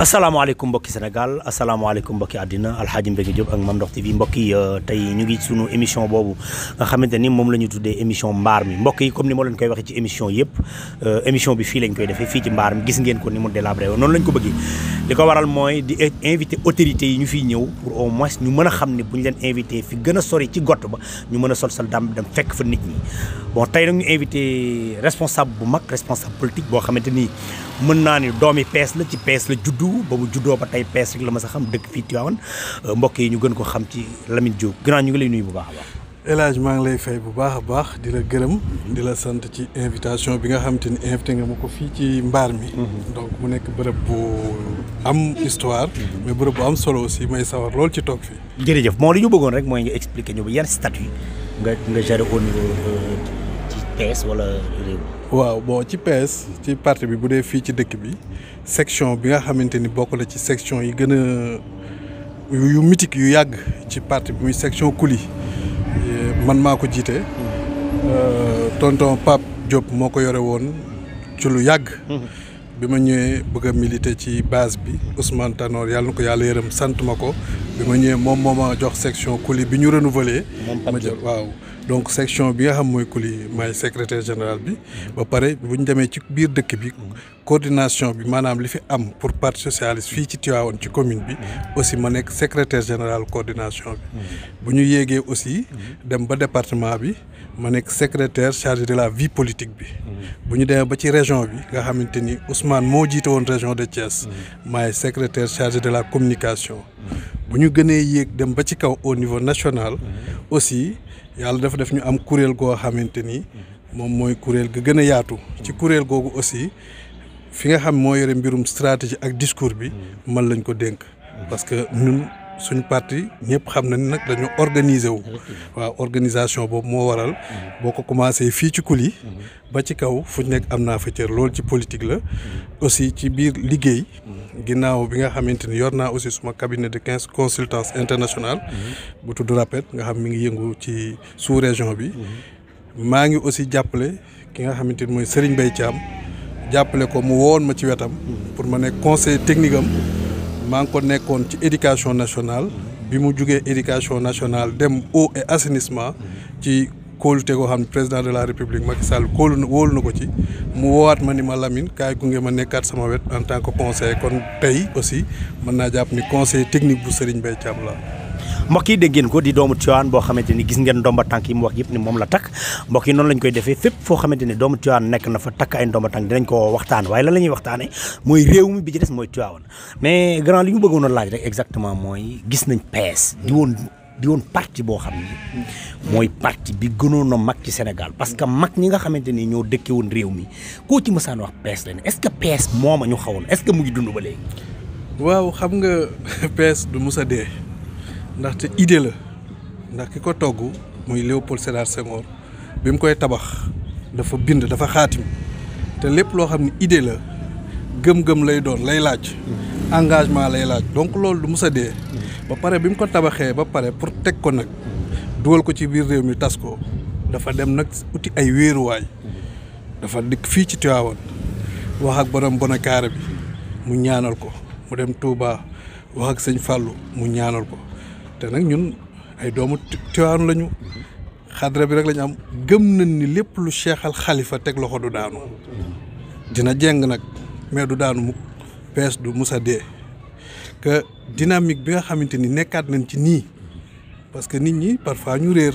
asalaamaaleykum mbokki Sénégal asalaamaaleykum mbokki àddina alxaaji Mbéngue Diop ak Mame Ndokh TV mbokk yi euh, tey ñu ngi sunu émission boobu nga xamante ni moom la ñu tuddee émission mbaar mi mbokk yi comme ni ma leen koy waxee ci émission yëpp euh, émission bi fii lañ koy defee fii ci mbaar mi gis ngeen ko ni mu délabré woon noonu lañ ko bëggee li ko waral mooy di invité autorités yi ñu fiy ñëw pour au moins ñu mën a xam ne bu ñu leen invité fi gën a sori ci gott ba ñu mën a sol sal dam dem fekk fa nit ñi bon tey nag ñu invité responsable bu mag responsable politique boo xamante ni mën naa ni doomi pees la ci pees la juddu siiw ba bu juddoo ba tey pees rek la ma sa xam dëkk fii Tivaouane euh, mbokk yi ñu gën ko xam ci Lamine Diop grand ñu ngi lay nuyu bu baax a baax. El maa ngi lay fay bu baax a baax di la gërëm di la sant ci invitation bi nga xam te ni invité nga ma ko fii ci mbaar mi. Mhm. donc mu nekk bërëb bu am histoire. Mhm. mais bërëb bu am solo si may sawar lool ci toog fii. jërëjëf moo li ñu bëggoon rek mooy nga expliquer ñu ba yan statut nga nga gérer au euh, PS waaw bon ci PS ci parti bi bu dee fii ci dëkk bi section bi nga xamante ni bokk la ci section yi gën a yu mythique yu yàgg ci parti bi muy section Kuli eh, man maa ko jiite. Hmm. Euh, tonton Pape Diop moo ko yore woon ci lu yàgg. Hmm. bi ma ñëwee bëgg a ci base bi Ousmane Tanor yàlla na ko yàlla yërëm sant ma ko bi ma ñëwee moom moom ma jox section couli bi ñu renouveler ma jël waaw donc section bi nga xam mooy couli may secretaire général bi ba pare bu ñu demee ci biir dëkk bi coordination bi maanaam li fi am pour parti socialiste fii ci Tivaouane ci commune bi aussi ma nekk secretaire général coordination bi hmm. bu ñu yéegee aussi hmm. dem ba département bi ma nekk secrétaire chargé de la vie politique bi. bu ñu demee ba ci région bi nga xamante ni Ousmane moo jiite woon région de Thiès. maay secrétaire chargé de la communication. bu ñu gënee yéeg dem ba ci kaw au niveau national. aussi yàlla dafa def ñu am kuréel goo xamante ni. moom mooy kuréel ga gën a yaatu. ci kuréel googu aussi fi nga xam moo yore mbirum stratégie ak discours bi. man lañ ko dénk. parce que suñ parti ñëpp xam na ni nag dañu organiser wu. waaw organisation boobu moo waral. boo ko commencé fii ci kuli mhm. ba ci kaw fu nekk am naa fa cër loolu ci politique la. Mhm. aussi ci biir liggéey. Mhm. ginnaaw bi nga xamante ni yor naa aussi suma cabinet de quinze consultance internationale. bu tudd rappel nga xam mi ngi yëngu ci sous région bi. maa ngi aussi jàppale ki nga xamante ni mooy Serigne Mbaye Thiam jàppale ko mu woon ma ci wetam. pour ma nekk conseil technique am. maa ngi ko nekkoon ci éducation nationale bi mu jugee éducation nationale dem au et assainissement ci kóolute goo xam ne président de la république Macky Sall kóolu na wóolu na ko ci mu woowaat ma ni ma Lamine kaay gunge ma nekkaat sama wet en tant que conseiller kon tey aussi mën naa jàpp ni conseil technique bu Serigne Mbaye Thiam la mbokk yi dégg ngeen ko di doomu Tiwaan boo xamante ni gis ngeen ndomba tànk yi mu wax yëpp ni moom la takk mbokk noonu lañ koy defee fépp foo xamante ni doomu Tiwaan nekk na fa takk ay ndomba tànk dinañ ko waxtaan waaye lan la ñuy waxtaane mooy réew mi bi ci des mooy Tiwaan mais grand li ñu mooy gis nañ PS di woon di boo xam ni mooy parti bi gënoon a mag ci Sénégal parce que mag ñi nga xamante ni ñoo dëkke woon réew mi koo ci mësaan wax PS la ne est-ce que PS mooma ñu xawoon est-ce que mu ngi dund ba léegi waaw xam nga PS du musa dee ndaxte idée la ndax ki ko togg muy Léopold Sédar Senghor bi mu koy tabax dafa bind dafa xaatim te lépp loo xam ne idée la gëm-gëm lay doon lay laaj engagement lay laaj donc loolu du mus a dee ba pare bi mu ko tabaxee ba pare pour teg ko nag dugal ko ci biir réew mi tas ko dafa dem nag uti ay wéeruwaay dafa dikk fii ci Tivaouane wax ak borom bonakaare bi mu ñaanal ko mu dem Touba wax ak sëñ fàllu mu ñaanal ko te nag ñun ay doomu Tiwaawan lañu xadra bi rek lañu am gëm nañ ni lépp lu seexal xalifa teg loxo du daanu dina jeng nag mais du daanu mukk pees du musa dee que bi nga xamante ni nekkaat nañ ci nii parce que nit ñi parfois ñu réer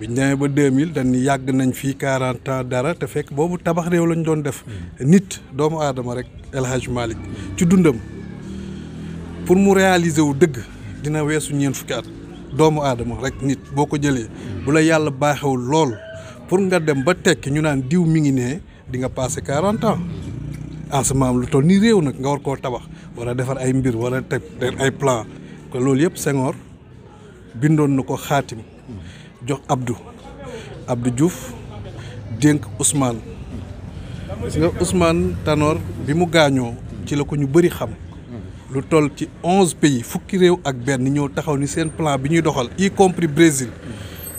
biñ demee ba 2000 dañ ni yàgg nañ fii 40 ans dara te fekk boobu tabax réew lañ doon def nit doomu aadama rek El Hadj ci dundam pour mu réaliser wu dëgg dina weesu ñeent fukki at doomu aadama rek nit boo ko jëlee mm-hmm. bu la yàlla baaxewul lool pour nga dem ba tekki ñu naan diw mi ngi ne di nga passé quarante ans lu toll ni réew nag nga war koo tabax war defar ay mbir walla a teg ay plan ko loolu yëpp Senghor bindoon na ko xaatim mm-hmm. jox abdu abdu Diouf dénk Ousmane mm-hmm. gis nga Ousmane Tanor bi mu gaañoo ci la ko ñu bari xam lu toll ci onze pays fukki réew ak benn ñoo taxaw ni seen plan bi ñuy doxal y compris Brésil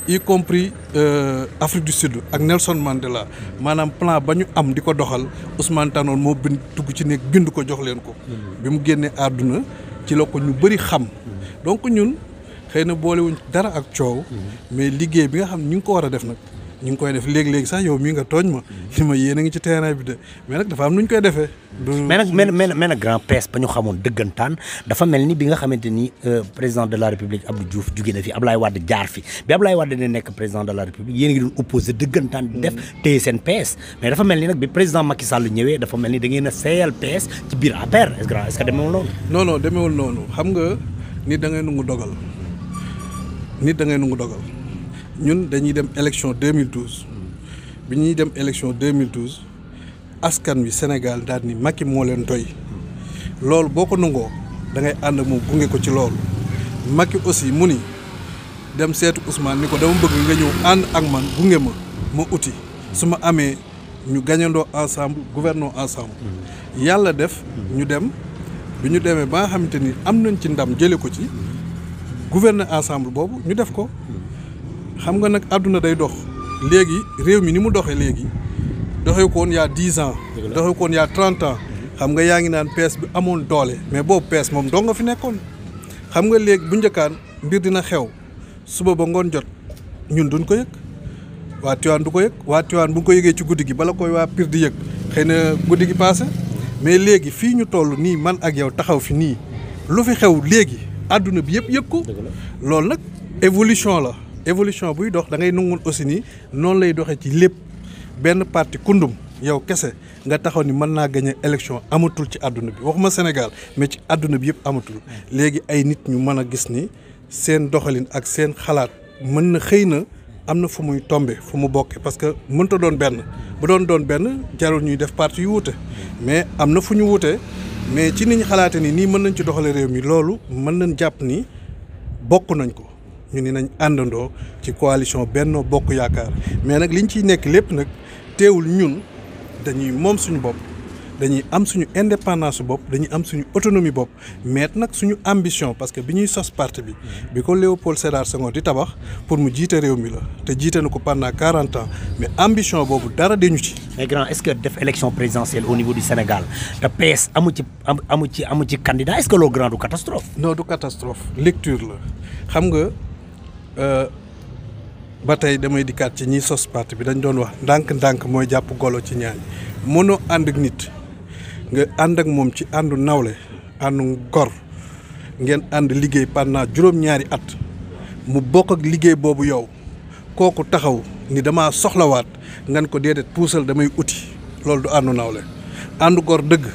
y compris euh, Afrique du Sud ak Nelson Mandela maanaam plan ba ñu am di ko doxal Ousmane moo bind tugg ci nekk bind ko jox leen ko bi mu génnee àdduna ci la ko ñu bëri xam donc ñun xëy na boolewuñ dara ak coow mais liggéey bi nga xam ni ñu ngi ko war a def nag ñu ngi koy def léegi-léegi sax yow mii nga tooñ ma li ma yéen a ngi ci terrain bi de mais nag dafa am nu ñu koy defee mais nag mais mais nag grand presse ba ñu xamoon dëggantaan dafa mel ni bi nga xamante ni euh, président de la république Abdou Diouf jóge na fi Ablaye Wade jaar fi bi Ablaye Wade ne nekk président de la république yéen a ngi doon opposé dëggantaan di def téye seen PS mais dafa mel ni nag bi président Macky Sall ñëwee dafa mel ni da ngeen a seeyal PS ci biir APR est-ce que est-ce que demeewul noonu non non demeewul noonu xam nga nit da ngay nungu dogal nit da ngay nungu dogal ñun dañuy dem élection 2012 bi ñuy dem élection 2012 askan wi Sénégal daal ni Macky moo leen toy loolu boo ko nangoo da ngay ànd moom gunge ko ci loolu Macky aussi mu ni dem seetu Ousmane ni ko dama bëgg nga ñëw ànd ak man gunge ma ma uti su ma amee ñu gañandoo ensemble gouvernons ensemble mm-hmm. yàlla def ñu dem bi ñu demee ba nga xamante ni am nañ ci ndam jële ko ci gouverner ensemble boobu ñu def ko mm-hmm. xam nga nag àdduna day dox léegi réew mi ni mu doxee léegi doxee koon woon yaa dix ans doxee ko woon yaa trente ans xam nga yaa ngi naan pees bi amoon doole mais boobu pees moom doo nga fi nekkoon xam nga léegi bu njëkkaan mbir dina xew suba ba ngoon jot ñun duñ ko yëg waa Tiwaan du ko yëg waa Tiwaan bu ñu ko yëgee ci guddi gi bala koy waa Pire di yëg xëy na guddi gi passé mais léegi fii ñu toll nii man ak yow taxaw fi nii lu fi xew léegi àdduna bi yëpp yëg ko loolu nag évolution la évolution buy dox da ngay nungul aussi ni noonu lay doxee ci lépp benn parti kundum yow kese nga taxaw ni mën naa gagné élection amatul ci àdduna bi waxuma Sénégal mais ci àdduna bi yëpp amatul léegi ay nit ñu mën a gis ni seen doxalin ak seen xalaat mën na xëy na am na fu muy tombe fu mu bokkee parce que mënta doon benn bu doon doon benn jarul ñuy def parti yu wute mais am na fu ñu wuute mais ci niñ xalaate ni nii mën nañ ci doxale réew mi loolu mën nañ jàpp ni bokk nañ ko ñu ni nañ àndandoo ci coalition bennoo Bokk Yaakaar mais nag li ñu ciy nekk lépp nag teewul ñun dañuy moom suñu bopp dañuy am suñu indépendance su bopp dañuy am suñu autonomie bopp mais nag suñu ambition parce que bi ñuy sos parti bi bi ko Léopold Sédar Senghor di tabax pour mu jiite réew mi la te jiite na ko pendant quarante ans mais ambition boobu dara dañu ci. mais grand est-ce que def élection présidentielle au niveau du Sénégal te PS amu ci amu ci amu ci candidat est-ce que loolu grand lecture la xam nga. Euh, ba tey damay dikkaat ci ñi sos parti bi dañ doon wax ndànk-ndànk mooy jàpp golo ci ñaañ mënoo ànd ak nit nga ànd ak moom ci ànd nawle àndu gor ngeen ànd liggéey pendant juróom-ñaari at mu bokk ak liggéey boobu yow kooku taxaw ni dama soxlawaat ngan ko déedéet puusal damay uti loolu du àndu nawle ànd gor dëgg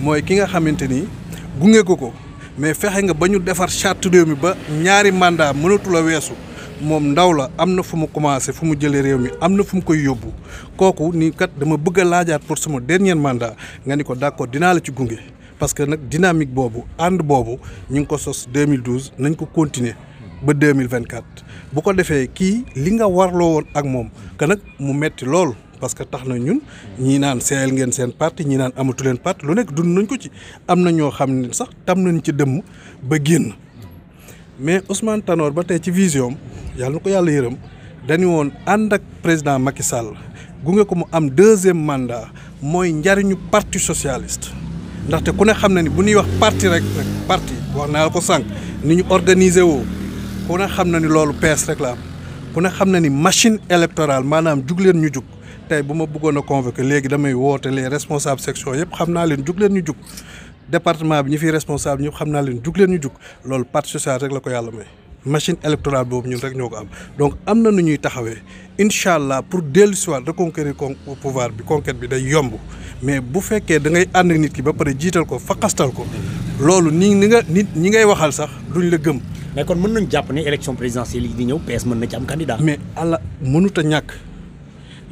mooy ki nga xamante ni gunge ko ko. mais fexe nga ba ñu defar chat réew mi ba ñaari mandat mënatula weesu moom ndaw la am na fu mu commencé fu mu jëlee réew mi am na fu mu koy yóbbu kooku nii kat dama bëgg a laajaat pour sama dernier mandat nga ni ko d'accord dinaa la ci gunge parce que nag dynamique boobu ànd boobu ñu ngi ko sos 2012 nañ ko continuer ba 2024 bu ko defee kii li nga warloo woon ak moom que nag mu metti lool. parce que tax na ñun ñii naan seeyal ngeen seen parti ñii naan amatu leen parti lu nekk dund nañ ko ci am na ñoo xam ne sax tam nañ ci dëmm ba génn mais Ousmane tanoor ba tey ci vision yàlla na ko yàlla yërëm dañu woon ànd ak président Macky Sall gunge ko mu am deuxième mandat mooy njariñu parti socialist ndaxte ku ne xam na ni bu ñuy wax parti rek rek parti wax naa la ko sànq ni ñu organiser woo ku ne xam na ni loolu pees rek la am ku ne xam na ni machine électorale maanaam jug leen ñu jug. tey bu ma bëggoon a convoquer léegi damay woote les responsables section yëpp xam naa leen jug leen ñu jug département bi ñi fiy responsable xam naa leen jug leen ñu jug loolu parti social rek la ko yàlla may machine électorale boobu ñun rek ñoo ko am donc am na nu ñuy taxawee incha allah pour dellu si waat reconquérir con pouvoir bi conquête bi day yomb mais bu fekkee da ngay ànd nit ki ba pare jiital ko faqastal ko loolu ni ni nga nit ñi ngay waxal sax duñ la gëm. mais kon mën nañ jàpp ne élection présidentielle yi di ñëw mën na ci am candidat. mais ala mënut a ñàkk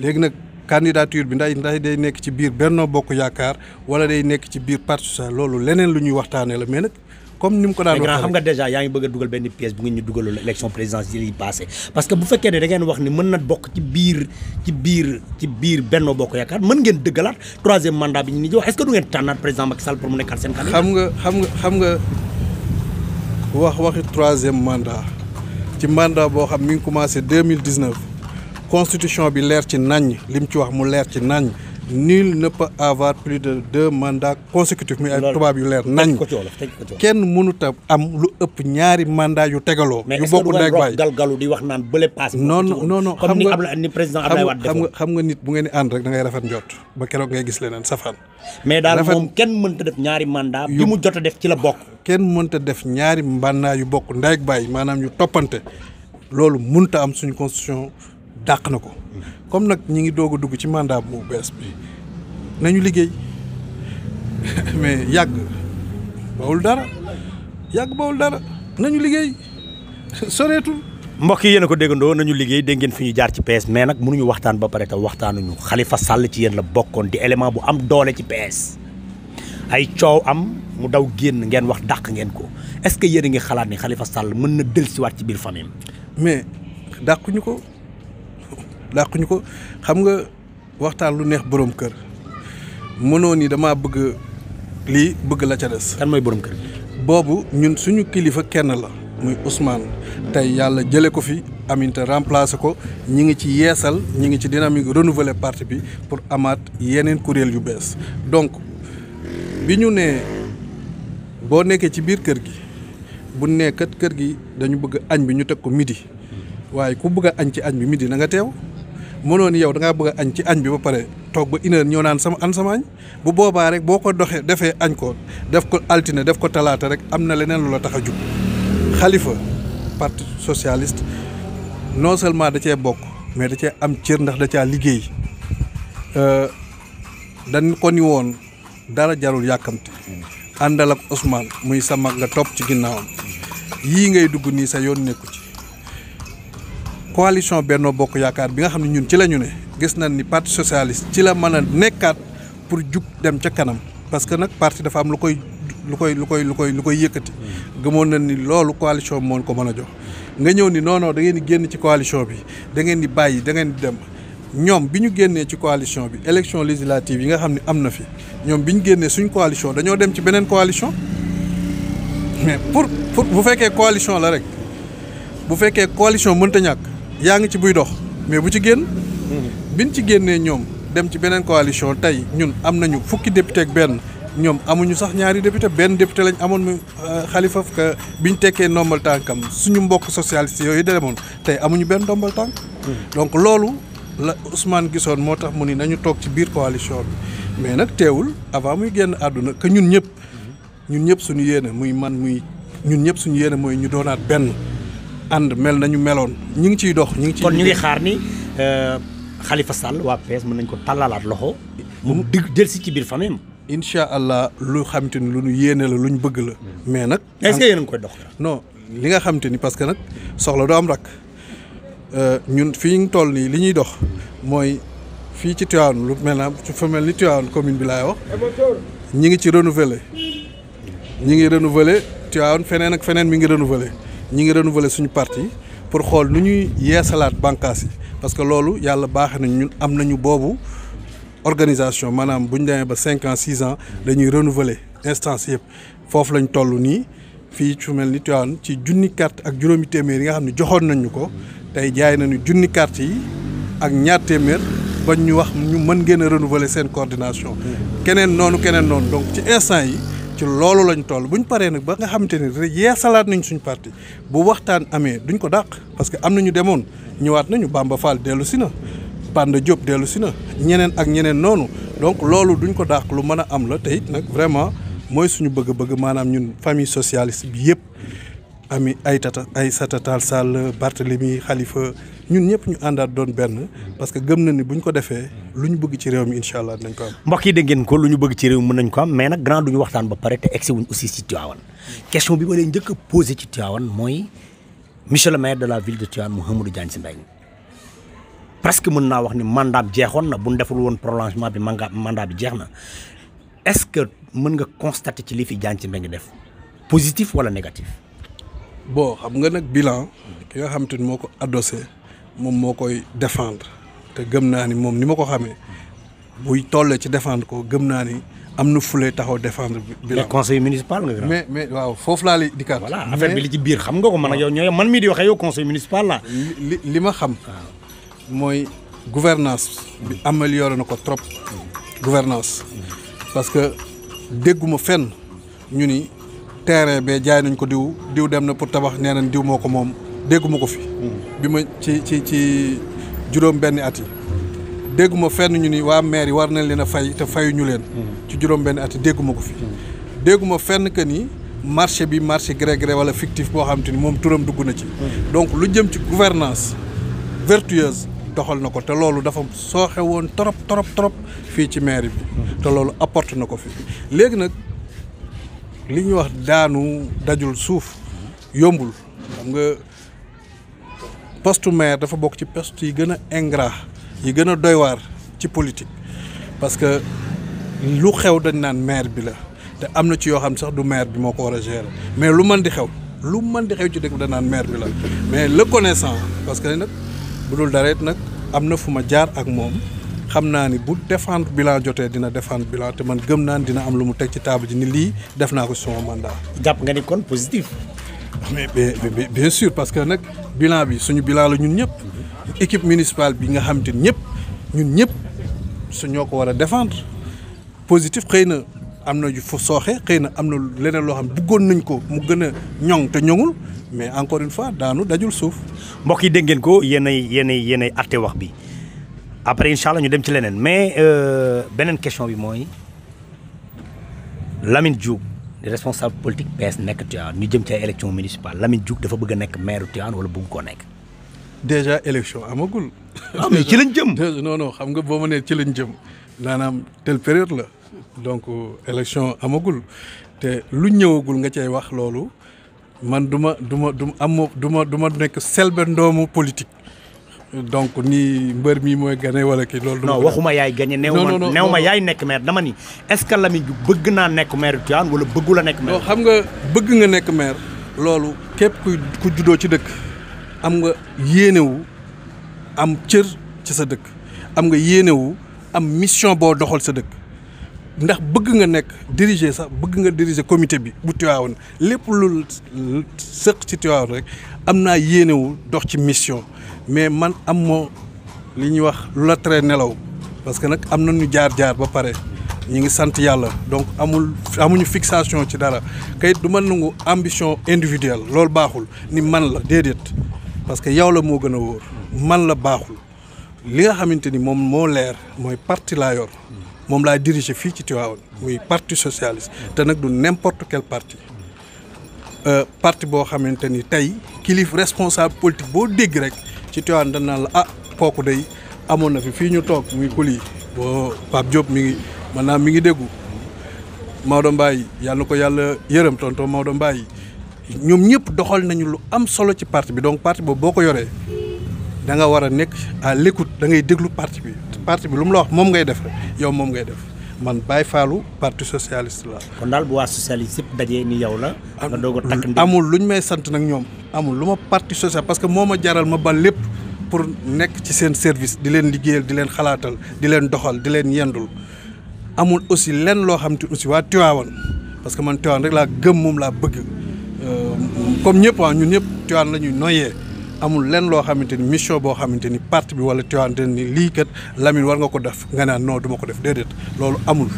léegi nag. candidature bi nday nday day nekk ci biir Benno Bokk Yaakaar wala day nekk ci biir parti socialiste loolu leneen lu ñuy waxtaanee la mais nag comme ni mu ko daan waxee xam nga déjà yaa ngi bëgg a dugal benn pièce bu ngeen ñu dugalul élection présidentielle yi passé parce que bu fekkee ne da wax ni mën na bokk ci biir ci biir ci biir Benno Bokk Yaakaar mën ngeen dëggalaat troisième mandat bi ñu ni wax est-ce que du ngeen tànnaat président Macky Sall pour mu nekkaat seen candidat xam nga xam nga xam wax troisième mandat ci mandat boo xam mi ngi commencé 2019 constitution bi leer ci nañ lim ci wax mu leer ci nañ nul ne peut avoir plus de deux mandats consécutifs muy ay tubaab yu leer nañ kenn mënut a am lu ëpp ñaari mandat yu tegaloo yu bokk ndeeg baay galgalu di wax naan bële paas non non non xam nga ni président Abdoulaye Wade xam nga xam nga nit bu ngeen di ànd rek da ngay rafet njot ba keroog ngay gis leneen safaan mais daal moom kenn mënta def ñaari mandat bi mu jot a def ci la bokk kenn mënta def ñaari mandat yu bokk ndeeg baay maanaam yu toppante loolu mënta am suñu constitution dàq na ko comme nag ñi ngi doog a dugg ci mandat bu bees bi ñu liggéey mais yàgg bawul dara yàgg bawul dara ñu liggéey soreetul mbokk yi yéen ko déggandoo nañu liggéey dégg ngeen fi ñu jaar ci PS mais nag mënuñu waxtaan ba pare te waxtaanuñu Khalifa Sall ci yéen la bokkoon di élément bu am doole ci PS ay coow am mu daw génn ngeen wax dàq ngeen ko est-ce que yéen a ngi xalaat ni xalifa Sall mën na dellusiwaat ci biir famille mais dàquñu ko dàquñu ko xam nga waxtaan lu neex borom kër mënoo ni damaa bëgg lii bëgg la ca des. kan borom kër boobu ñun suñu kilifa kenn la muy Ousmane tey yàlla jële ko fi Aminta remplacé ko ñi ngi ci yeesal ñi ngi ci dynamique renouveler parti bi pour amaat yeneen kuréel yu bees donc bi ñu nee boo nekkee ci biir kër gi bu nekkat kër gi dañu bëgg añ bi ñu teg ko midi waaye ku bëgg añ ci añ bi midi na teew. mënoon yow da ngaa bëgg añ ci añ bi ba pare toog ba une ñëw naan sama an sama añ bu boobaa rek boo ko doxee defee añ ko def ko altine def ko talaata rek am na leneen lu la tax a jug xalifa parti socialiste non seulement da cee bokk mais da cee am cër ndax da caa liggéey euh, dañ ko ni woon dara jarul yàkkamti àndal ak muy sa mag nga topp ci ginnaawam yii ngay dugg nii sa yoon nekku ci coalition Benno Bokk Yaakaar bi nga xam ne ñun ci la ñu ne gis nañ ni parti socialiste ci la mën a nekkaat pour jug dem ca kanam parce que nag parti dafa am lu koy lu koy lu koy lu koy lu koy yëkkati gëmoon nañ ni loolu coalition moo ko mën a jox nga ñëw ni non non da ngeen di génn ci coalition bi dangeen di bàyyi dangeen di dem ñoom bi ñu génnee ci coalition bi élection législative yi nga xam ne am na fi ñoom bi ñu génnee suñ coalition dañoo dem ci beneen coalition mais pour pour bu fekkee coalition la rek bu fekkee coalition mënta ñàkk yaa ngi ci buy dox mais bu ci génn mm-hmm. biñ ci génnee ñoom dem ci beneen coalition tey ñun am nañu fukki député ak benn ñoom amuñu sax ñaari député benn député lañ amoon mu euh, Khalifa que tekkee ndombal suñu mbokk socialiste yooyu demoon tey amuñu benn ndombal tànk mm-hmm. donc loolu la Ousmane gisoon moo tax mu ni nañu toog ci biir coalition bi mais nag teewul avant muy génn àdduna que ñun ñëpp mm-hmm. ñun ñëpp suñu yéene muy man muy ñun ñëpp suñu yéene mooy ñu doonaat benn ànd mel na ñu meloon ñu ngi ciy dox. ñu ngi ciy kon ñu ngi xaar ni xalifa euh, Sall waa PS mën nañ ko tallalaat loxo. mu mm-hmm. digg del si ci biir famille am. incha allah lu xamante ni lu ñu yéene la lu ñu bëgg la. Mm-hmm. mais nag. est koy dox. non li nga xamante ni parce que nag soxla du am rakk euh, ñun fii ñu toll nii li ñuy dox mooy fii ci Tivaouane lu mel na fa mel ni Tivaouane commune bi lay wax ñi ngi ci renouveler ñi ngi renouveler Tivaouane feneen ak feneen mi ngi renouveler. ñi ngi renouveler suñu parti pour xool nu ñuy yeesalaat bànqaas yi parce que loolu yàlla baaxe nañ ñun am nañu boobu organisation maanaam bu ñu demee ba cinq ans six ans dañuy renouveler instance yëpp foofu lañ toll nii fii ci mel ni Tivaouane ci junni carte ak juróomi téeméer yi nga xam ne joxoon nañu ko tey jaay nañu junni carte yi ak ñaar téeméer bañ ñu wax ñu mën ngeen a renouveler seen coordination. Mm. keneen noonu keneen noonu donc ci instant yi. ci loolu lañ toll ñu paree nag ba nga xamante ni salaat nañ suñu parti bu waxtaan amee duñ ko dàq parce que am nañu demoon ñëwaat nañu bàmba Fall dellu si na Panda Diop dellu si na ñeneen ak ñeneen noonu donc loolu duñ ko dàq lu mën a am la tey nag vraiment mooy suñu bëgg-bëgg maanaam ñun famille socialiste bi yëpp ami ay tata ay satatal Sall Barthélemy xalifa ñun ñëpp ñu àndaat doon benn parce que gëm na ni bu ko defee lu ñu bëgg ci réew mi incha allah nañ ko am. mbokk yi dégg ngeen ko lu ñu bëgg ci réew mi mën nañ ko am mais nag grand duñu waxtaan ba pare te egsi wuñ aussi ci Tivaouane question bi ma leen njëkk a posé ci Tivaouane mooy monsieur le maire de la ville de Tivaouane Mouhamadou Diagne Sy Mbengue presque mën naa wax ni mandat bi jeexoon na bu ñu deful woon prolongement bi manga mandat bi jeex na est-ce que mën nga constater ci li fi Diagne Sy Mbengue def positif wala négatif. bon xam nga nag bilan ki nga xam ni moo ko adossé. moom moo koy défendre te gëm naa ni moom ni ma ko xamee buy tollee ci défendre ko gëm naa ni am na fulee taxaw défendre. bi la conseil municipal nga. mais mais waaw foofu laa lay dikkaat. voilà affaire bi li ci biir xam nga ko man ak yow ñooy man mii di waxee yow conseil municipal la li li ma xam. mooy gouvernance bi amélioré na ko trop. gouvernance parce que dégguma fenn ñu ni terrain bee jaay nañ ko diw diw dem na pour tabax nee nañ diw moo ko moom. dégguma ko fi. Hmm. bi ma ci ci ci juróom benni at yi. dégguma fenn ñu ni waa maire yi war nañ leen a fay te fayuñu leen. Hmm. ci juróom benni ati yi dégguma ko fi. Hmm. dégguma fenn que ni marché bi marché gré gré wala fictif boo xam te ni moom turam dugg na ci. donc lu jëm ci gouvernance vertueuse doxal na ko te loolu dafa sooxe woon trop trop trop fii ci maire bi. te loolu apporte na ko fi léegi nag li ñuy wax daanu dajul suuf yombul post maire dafa bokk ci poste yi gën a ingrat yi gën a doy waar ci politique parce que lu xew dañ naan maire bi la te am na ci yoo xam ne sax du maire bi moo ko war a gérer mais lu man di xew lu mën di xew ci dëkk bi dañ naan maire bi la mais le connaissant parce que nag bu dul dara it nag am na fu ma jaar ak moom xam naa ni bu défendre bilan jotee dina défendre bilan te man gëm naa dina am lu mu teg ci table ji ni lii def naa ko ci sama mandat. jàpp nga ni kon mais bien sûr parce que nag bilan bi suñu bilan la ñun ñëpp équipe municipale bi nga xam te ñëpp ñun ñëpp su ñoo ko war a defendre positif xëy na am na ju sooxee xëy na am na leneen loo xam ne bëggoon nañ ko mu gën a ñoŋ te ñoŋul mais encore une fois daanu dajul suuf. mbokk yi dégg ngeen ko yéenay yéenay yéenay àtte wax bi après incha allah ñu dem ci leneen mais euh, beneen question bi mooy Lamine Diouf. di responsable politique PS nekk Tivaouane ñu jëm ci ay élection municipale Lamine Diouf dafa bëgg a nekk maire Tivaouane wala bu mu koo nekk déjà élection amagul ah mais ci lañ jëm non xam nga boo ma nee ci lañ jëm maanaam tel période la donc élection amagul te lu ñëwagul nga cay wax loolu man du ma du ma du am du ma du ma nekk selbe ndoomu politique donc nii mbër mii mooy gagné wala ki loolu. non waxuma yaay gagné. néew ma néew ma yaay nekk maire dama ni est-ce que Lamine bëgg naa nekk maire Tivaouane wala bëggu la nekk maire. xam nga bëgg nga nekk maire. loolu képp ku juddoo ci dëkk am nga yéenewu am cër ci sa dëkk am nga yéenewu am mission boo doxal sa dëkk ndax bëgg nga nekk diriger sax bëgg nga diriger comité bi bu Tivaouane lépp lu sëq ci Tivaouane rek am naa yéenewu dox ci mission. mais man am moo li ñuy wax lu la tere nelaw parce que nag am na ñu jaar jaar ba pare ñu ngi sant yàlla donc amul amuñu fixation ci dara kayit du ma nangu ambition individuelle loolu baaxul ni man la déedéet parce que yow la moo gën a wóor man la baaxul li nga xamante ni moom moo leer mooy parti laa yor moom laa diriger fii ci Tivaouane muy parti socialiste te nag du n'importe quel parti euh, parti boo xamante ni tey kilif responsable politique boo dégg rek ci Tivaouane dañ naan la ah kooku day amoon na fi fii ñu toog muy kuli boo Pape Diop mi ngi maanaam mi ngi déggu Maodo Mbaye yàlla ko yàlla yërëm tonton Maodo yi ñoom ñëpp doxal nañu lu am solo ci parti bi donc parti boobu boo ko yoree da nga war a nekk à l'écoute dangay déglu parti bi parti bi lu mu la wax moom ngay def yow moom ngay def man Baye Fallou parti socialist la. kon daal bu waa socialiste yëpp dajee ni yow la. nga doog a takk amul luñ may sant nag ñoom. amul lu ma parti social parce que moo ma jaral ma ba lépp pour nekk ci seen service di leen liggéeyal di leen xalaatal di leen doxal di leen yendul amul aussi lenn loo xam te aussi waa Tivaouane parce que man Tivaouane rek laa gëm moom laa bëgg euh, comme ñëpp waa ñun ñëpp Tivaouane la ñuy noyyee amul lenn loo xamante ni mission boo xamante ni parti bi wala Tivaouane dañ lii kat Lamine war nga ko def nga naan non du ma ko def déedéet loolu amul.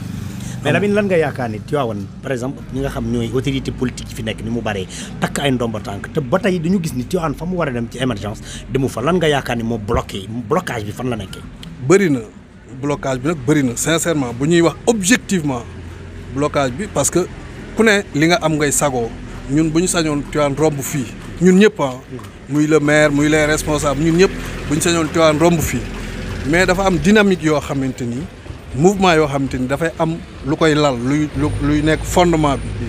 mais Lamine lan nga yaakaar ni Tivaouane par exemple ñi nga xam ñooy autorité politique yi fi nekk ni mu bëree takk ay ndomba tànk te ba tey du ñu gis ni Tivaouane fa mu war a dem ci émergence demu fa lan nga yaakaar ni moo bloqué blocage bi fan la nekkee. bëri na blocage bi nag bëri na sincèrement bu ñuy wax objectivement blocage bi parce que ku ne li nga am ngay sagoo ñun bu ñu sañoon Tivaouane romb fii ñun ñëpp ah. muy le maire muy les responsable ñun ñëpp bu ñu sañoon Tivaouane romb fii mais dafa am dynamique yoo xamante ni. mouvement yoo xamante ni dafay am lu koy lal luy luy nekk fondement bi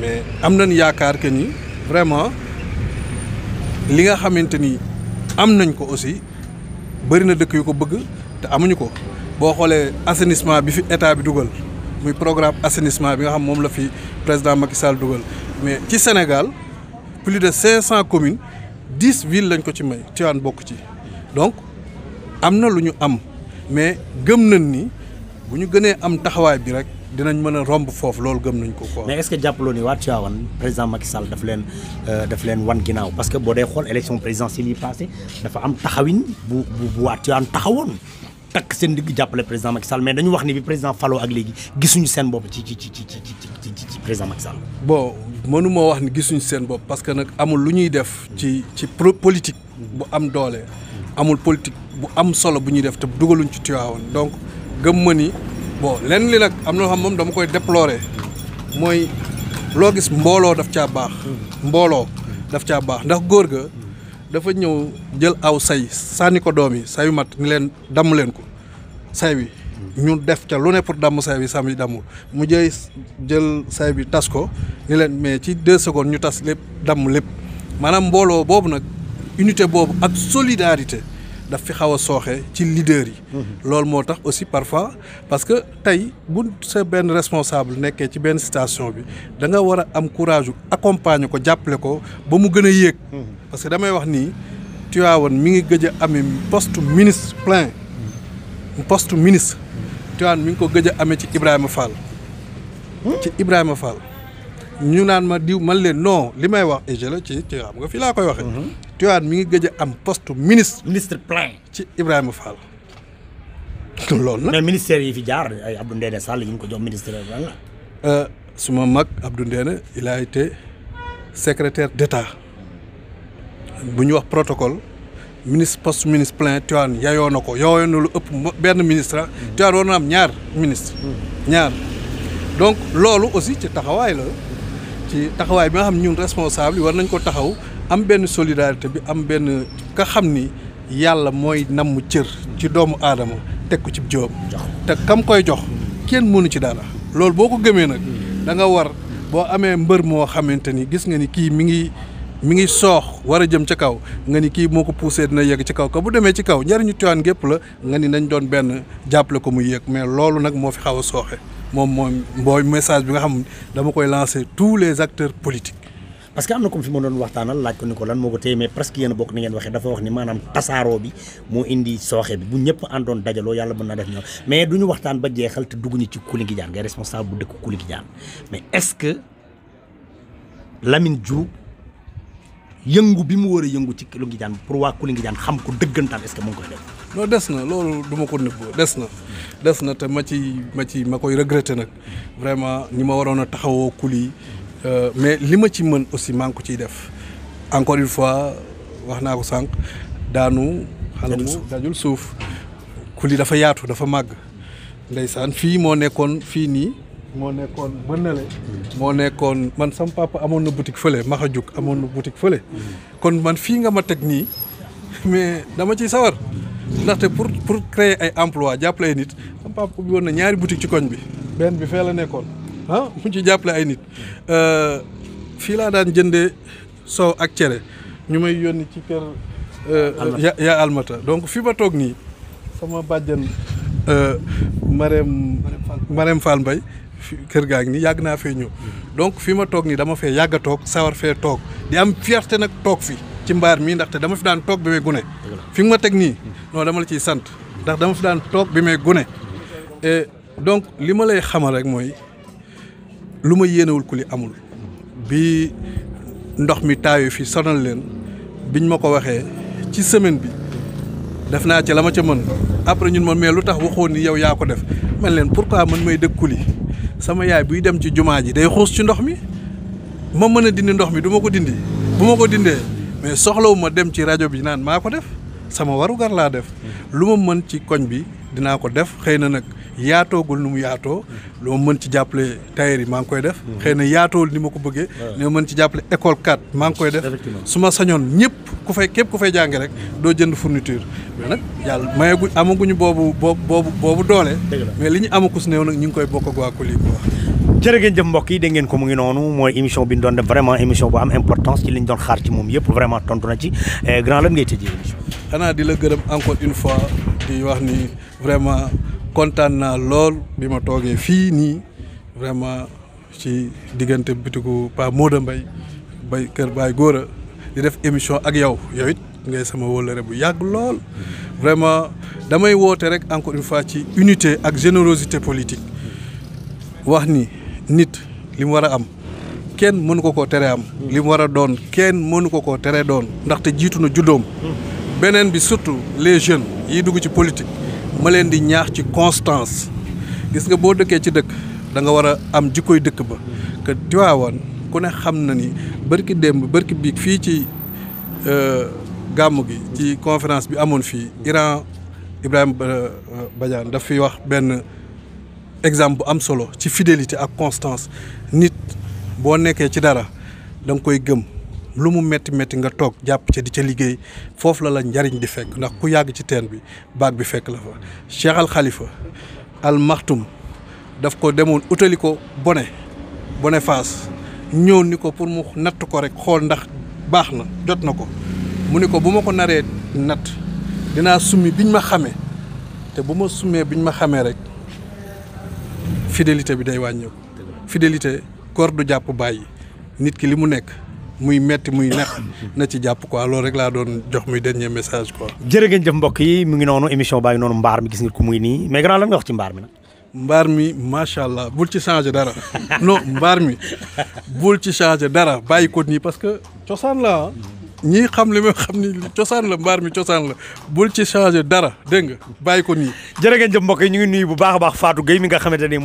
mais am nañ yaakaar que ni vraiment li nga xamante ni am nañ ko aussi bëri na dëkk yu ko bëgg te amuñu ko boo xoolee assainissement bi fi état bi dugal muy programme assainissement bi nga xam moom la fi président Macky Sall dugal mais ci Sénégal plus de cinq cent communes dix villes lañ ko ci may Tivaouane bokk ci donc am na lu ñu am mais gëm nañ nii bu ñu gënee am taxawaay bi rek dinañ mën a romb foofu loolu gëm nañ ko quoi. mais est-ce que jàppaloo ni waa Tivaouane président Macky Sall daf leen euh, daf leen wan ginaaw parce que boo dee xool élection présidentielle yi passé dafa am taxawin bu bu bu waa Tivaouane taxawoon takk seen digg jàppale président Macky Sall mais dañu wax ni bi président Fallou ak léegi gisuñu seen bopp ci ci ci ci ci ci président Macky Sall. bon mënu moo wax ni gisuñu seen bopp parce que nag amul lu ñuy def. ci ci politique. bu am doole. amul politique bu am solo bu ñuy def te dugaluñ ci Tivaouane donc. gëm ma ni bon lenn li nag am na loo xam moom dama koy déplorer mooy loo gis mbooloo daf caa baax. mbooloo daf caa baax ndax góor ga dafa ñëw jël aw say sànni ko doom yi say mat ni leen damm leen ko say bi ñu def ca lu ne pour damm say bi sam yi dammul mu jëy jël say bi tas ko ni leen mais ci deux secondes ñu tas lépp damm lépp maanaam mbooloo boobu nag unité boobu ak solidarité daf fi xaw a sooxe ci leader yi. Mhm. loolu moo tax aussi parfois parce que tey bu sa benn responsable nekkee ci benn station bi danga war a am courage accompagner ko jàppale ko ba mu gën a yéeg. Mhm. parce que damay wax nii Tivaouane mi ngi gëj a amee poste ministre plein mhm. poste ministre Tivaouane mi ngi ko gëj a amee ci Ibrahima Fall. Hmm? ci Ibrahima Fall. ñu naan ma diw man leen non li may wax et la ci ci xam nga fii laa koy waxee. Mhm. Tivaouane mi ngi gëj am post ministre. ministre plein ci Ibrahima Fall. loolu nag mais ministère yi fi jaar ay Abdou Ndéné ñu ngi ko jox ministère la. Euh, suma mag Abdou Ndéné il a été secrétaire d' bu ñu wax protocole ministre poste ministre plein Tivaouane yayoo na ko yayoo na lu ëpp benn ministre ah. mhm. Tivaouane war na am ñaar ministre mhm. ñaar donc loolu aussi ci taxawaay la. ci taxawaay bi nga xam ne ñun responsable yi war nañ koo taxaw am benn solidarité bi am benn nga xam ni yàlla mooy namm cër ci doomu aadama teg ko ci joom te kam koy jox kenn mënu ci dara loolu boo ko gëmee nag danga war boo amee mbër moo xamante ni gis nga ni kii mu ngi mi ngi soox war a jëm ca kaw nga ni kii moo ko poussé dina yegg ci kaw ka bu demee ci kaw njëriñu Tivaouane gépp la nga ni nañ doon benn jàppale ko mu yéeg mais loolu nag moo fi xaw a sooxe moom moom mbooy message bi nga xam dama koy lancer tous les acteurs politiques. parce que am na comme fi ma doon waxtaanal laaj ko ni ko lan moo ko téye mais presque yéen a bokk ni ngeen waxee dafa wax ni maanaam tasaaroo bi moo indi sooxe bi bu ñëpp àndoon dajaloo yàlla mën na def ñoom mais du ñu waxtaan ba jeexal te dugg ñu ci Koulibaly ngay responsable bu dëkk Koulibaly mais est-ce que Lamine Diouf yëngu bi mu war a yëngu ci Koulibaly pour waa Koulibaly xam ko dëggantaan est-ce que mu ngi non des na loolu du ma ko nëbb des na des na te ma ci ma ci ma koy regretter nag vraiment ni ma waroon a taxawoo kul yi euh, mais li ma ci mën aussi maa ngi ko ciy def encore une fois wax naa ko sànq daanu xalamu dajul suuf kul yi dafa yaatu dafa màgg ndeysaan fii moo nekkoon fii nii moo nekkoon mën na le moo nekkoon man sam papa amoon na boutique fële Maxajuk amoon na boutique fële mm. kon man fii nga ma teg nii mais dama ciy sawar ndaxte pour pour créer ay emploi jàppale ay nit am papa ubbi woon na ñaari boutique ci koñ bi benn bi fee la nekkoon ah mu ci jàppale ay nit euh, fii laa daan jëndee soow ak cere ñu may yónni ci kër euh, yaa almata donc fii ma toog nii sama bàjjan euh, Marème Marème Fall Mbaye kër gaa ngi nii yàgg naa fee ñëw donc fii ma toog nii dama fee yàgg a toog sawar fee toog di am fierté nag toog fii ci mbaar mi ndaxte dama fi daan toog bi may gune fi nga ma teg nii non dama la ciy sant ndax dama fi daan toog bi may gune et donc li ma lay xamal rek mooy lu ma yéenewul ku li amul bi ndox mi taayu fi sonal leen biñ ma ko waxee ci semaine bi def naa ci la ma ca mën après ñun man mais lu tax waxoon ni yow yaa ko def man leen pour pourquoi man may dëkku kuli sama yaay buy dem ci jumaa ji day xuus ci ndox mi ma mën a dindi ndox mi duma ko dindi bu ma ko dindee mais soxlawu ma dem ci rajo bi naan maa ko def sama warugar laa def mm-hmm. lu ma mën ci koñ bi dinaa ko def xëy na nag yaatoogul nu mu yaatoo mm-hmm. lu ma mën ci jàppale tailleur yi maa ngi koy def mm-hmm. xëy na yaatoowul ni ma ko bëggee ni ma mën ci jàppale école 4 maa ngi koy def su ma sañoon ñëpp ku fay képp ku fay jàngee rek doo jënd fourniture mais nag yàlla mayaguñ amaguñu boobu boobu boobu doole mais li ñu amakus néew nag ñu ngi koy bokk ak waa Koli bu wax jërë ngeen jëf mbokk yi dégg ngeen ko mu ngi noonu mooy émission bi ñu doon def vraiment émission bu am importance ci li ñu doon xaar ci moom yëpp vraiment tontu na ci eh, grand xanaa di la gërëm encore une fois di wax ni vraiment kontaan naa lool bi ma toogee fii nii vraiment ci diggante bitigu Pa Modou mbay bay kër Baye Gora di def émission ak yow yow it sama wóllare bu yàgg lool vraiment damay woote rek encore une fois ci unité ak générosité politique wax ni nit li mu war a am kenn mënu ko ko tere am. li war a doon kenn mënu ko ko tere doon. ndaxte jiitu na juddoom. beneen bi surtout les jeunes yi dugg ci politique. ma leen di ñaax ci constance. gis nga boo dëkkee ci dëkk da nga war a am jikkoy dëkk ba. que Tivaouane ku ne xam na ni bërki démb bërki biig fii ci euh, gàmm gi. ci conférence bi amoon fii Iran Ibrahima Badiane daf fi wax benn. exemple bu am solo ci fidélité ak constance nit boo nekkee ci dara danga koy gëm lu mu métti métti nga toog jàpp ca di ca liggéey foofu la la njariñ di fekk ndax ku yàgg ci teen bi baag bi fekk la fa Cheikh Al Khalifa Al Maktoum daf ko demoon utali ko bone bone faas ñëw ni ko pour mu natt ko rek xool ndax baax na jot na ko mu ni ko bu ma ko naree natt dinaa summi biñ ma xamee te bu ma summee biñ ma xamee rek fidélité bi day wàññi fidélité góor du jàpp bàyyi nit ki li mu nekk muy metti muy neex na ci jàpp ko loolu rek laa doon jox muy dernier message quoi. jërë ngeen jëf mbokk yi mu ngi noonu émission baa ngi noonu mbaar mi gis nga ko muy nii mais grand lan nga wax ci mbaar mi nag. mbaar mi macha allah bul ci changé dara non mbaar mi bul ci changé dara bàyyi ko nii parce que cosaan la ah. mm. ñii xam li ma xam ni cosaan mbaar mi cosaan la bul ci changé dara dégg nga ko nii. jërë ngeen jëf mbokk yi ñu ngi nuyu bu baax a baax Fatou Gueye mi nga xamante ni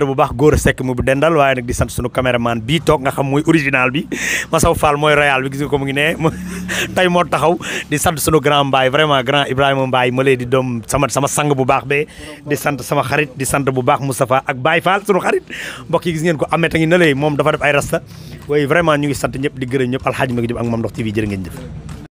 bu baax Gora Seck mu bu dendal waaye nag di sant sunu caméraman bii toog nga xam mooy original bi Massaw Fall mooy royal bi gis nga ko mu ngi ne tey moo taxaw di ma lay bu baax bee di sant sama xarit di sant bu baax Moustapha ak Baye Fall sunu xarit ko amee ta ngi na moom dafa def ay rasta waaye vraiment ñu ngi sant ñëpp gërëm ñëpp alxaaji Maguette Diop ak Mame Ndokh TV jërë ngeen jëf